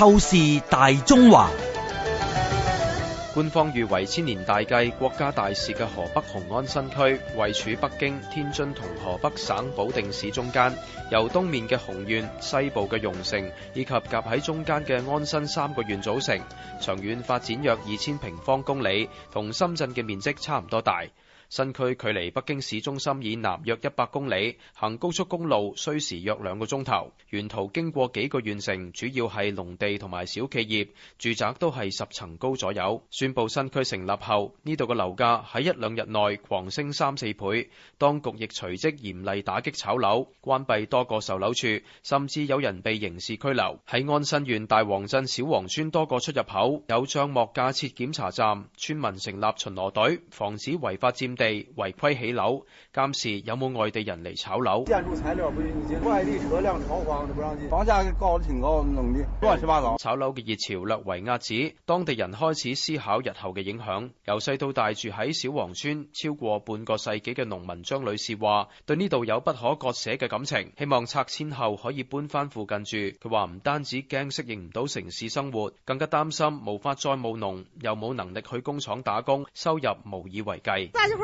透視大中華，官方譽為千年大計、國家大事嘅河北雄安新區，位處北京、天津同河北省保定市中間，由東面嘅雄縣、西部嘅容城以及夾喺中間嘅安新三個縣組成，長遠發展約二千平方公里，同深圳嘅面積差唔多大。新區距離北京市中心以南約一百公里，行高速公路需時約兩個鐘頭。沿途經過幾個縣城，主要係農地同埋小企業，住宅都係十層高左右。宣布新區成立後，呢度嘅樓價喺一兩日內狂升三四倍。當局亦隨即嚴厲打擊炒樓，關閉多個售樓處，甚至有人被刑事拘留。喺安新縣大王鎮小王村多個出入口，有帳幕架設檢查站，村民成立巡邏隊，防止違法佔地違規起樓，監視有冇外地人嚟炒樓。炒樓嘅熱潮略為壓止，當地人開始思考日後嘅影響。由細到大住喺小黃村超過半個世紀嘅農民張女士話，對呢度有不可割捨嘅感情，希望拆遷後可以搬翻附近住。佢話唔單止驚適應唔到城市生活，更加擔心無法再務農，又冇能力去工廠打工，收入無以為繼。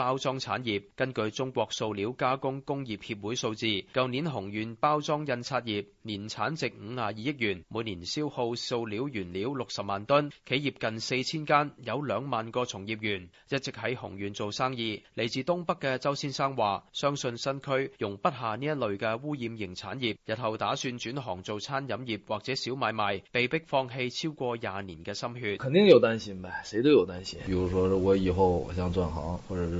包裝產業根據中國塑料加工工業協會數字，舊年雄縣包裝印刷業年產值五十二億元，每年消耗塑料原料六十萬噸，企業近四千間，有兩萬個從業員。一直喺雄縣做生意，嚟自東北嘅周先生話：相信新區容不下呢一類嘅污染型產業，日後打算轉行做餐飲業或者小買賣，被迫放棄超過廿年嘅心血。肯定有擔心唄，誰都有擔心。比如說我以後我想轉行，或者是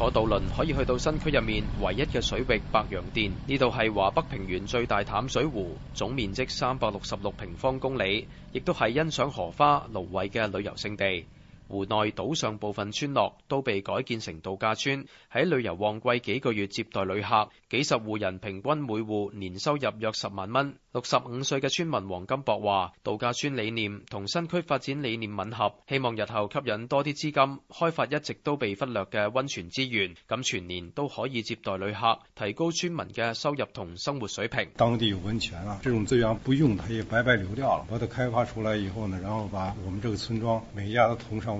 坐渡輪可以去到新區入面唯一嘅水域白洋淀，呢度係華北平原最大淡水湖，總面積三百六十六平方公里，亦都係欣賞荷花、蘆葦嘅旅遊勝地。湖內島上部分村落都被改建成度假村，喺旅遊旺季幾個月接待旅客，幾十戶人平均每戶年收入約十萬蚊。六十五歲嘅村民黃金博話，度假村理念同新區發展理念吻合，希望日後吸引多啲資金，開發一直都被忽略嘅温泉資源，咁全年都可以接待旅客，提高村民嘅收入同生活水平。當地有温泉啊，這種資源不用，它也白白流掉了。把它開發出來以後呢，然後把我們這個村莊每一家都同上。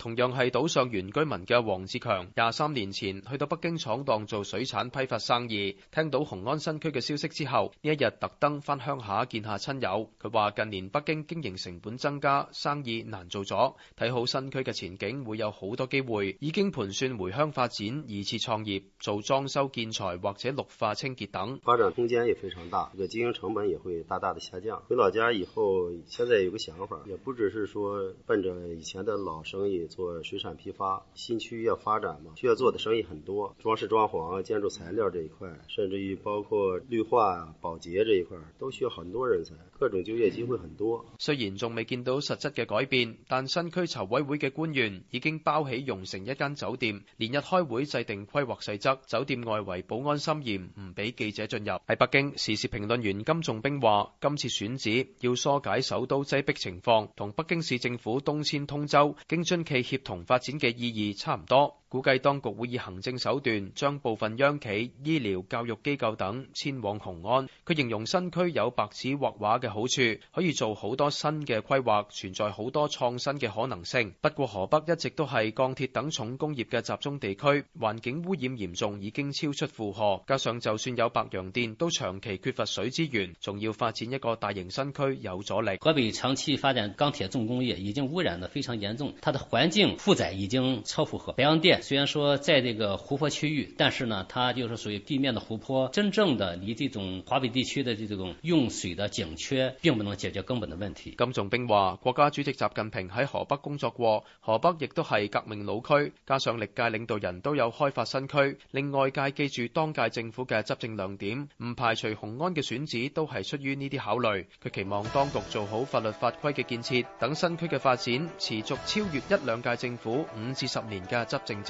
同樣係島上原居民嘅黃志強，廿三年前去到北京闖蕩做水產批發生意。聽到雄安新區嘅消息之後，呢一日特登翻鄉下見下親友。佢話近年北京經營成本增加，生意難做咗。睇好新區嘅前景，會有好多機會。已經盤算回鄉發展二次創業，做裝修建材或者綠化清潔等。發展空間也非常大，個經營成本也會大大的下降。回老家以後，現在有個想法，也不只是說奔着以前的老生意。做水產批發，新區要發展嘛，需要做的生意很多，裝飾裝潢、建築材料這一塊，甚至於包括綠化、保潔這一塊，都需要很多人才，各種就業機會很多。嗯、雖然仲未見到實質嘅改變，但新區籌委會嘅官員已經包起容城一間酒店，連日開會制定規劃細則。酒店外圍保安森嚴，唔俾記者進入。喺北京，時事評論員金仲兵話：今次選址要疏解首都擠逼情況，同北京市政府東遷通州，京津冀。協同發展嘅意義差唔多。估計當局會以行政手段將部分央企、醫療、教育機構等遷往雄安。佢形容新區有白紙畫畫嘅好處，可以做好多新嘅規劃，存在好多創新嘅可能性。不過河北一直都係鋼鐵等重工業嘅集中地區，環境污染嚴重已經超出負荷。加上就算有白洋淀，都長期缺乏水資源，仲要發展一個大型新區有阻力。河北長期發展鋼鐵重工業，已經污染得非常嚴重，它的環境負載已經超負荷。白洋淀雖然說在這個湖泊區域，但是呢，它就是屬於地面的湖泊。真正的離這種華北地區的這種用水的緊缺，並不能解決根本的問題。金仲兵話，國家主席習近平喺河北工作過，河北亦都係革命老區，加上歷屆領導人都有開發新區，令外界記住當屆政府嘅執政亮點。唔排除雄安嘅選址都係出於呢啲考慮。佢期望當局做好法律法規嘅建設等新區嘅發展，持續超越一兩屆政府五至十年嘅執政，政。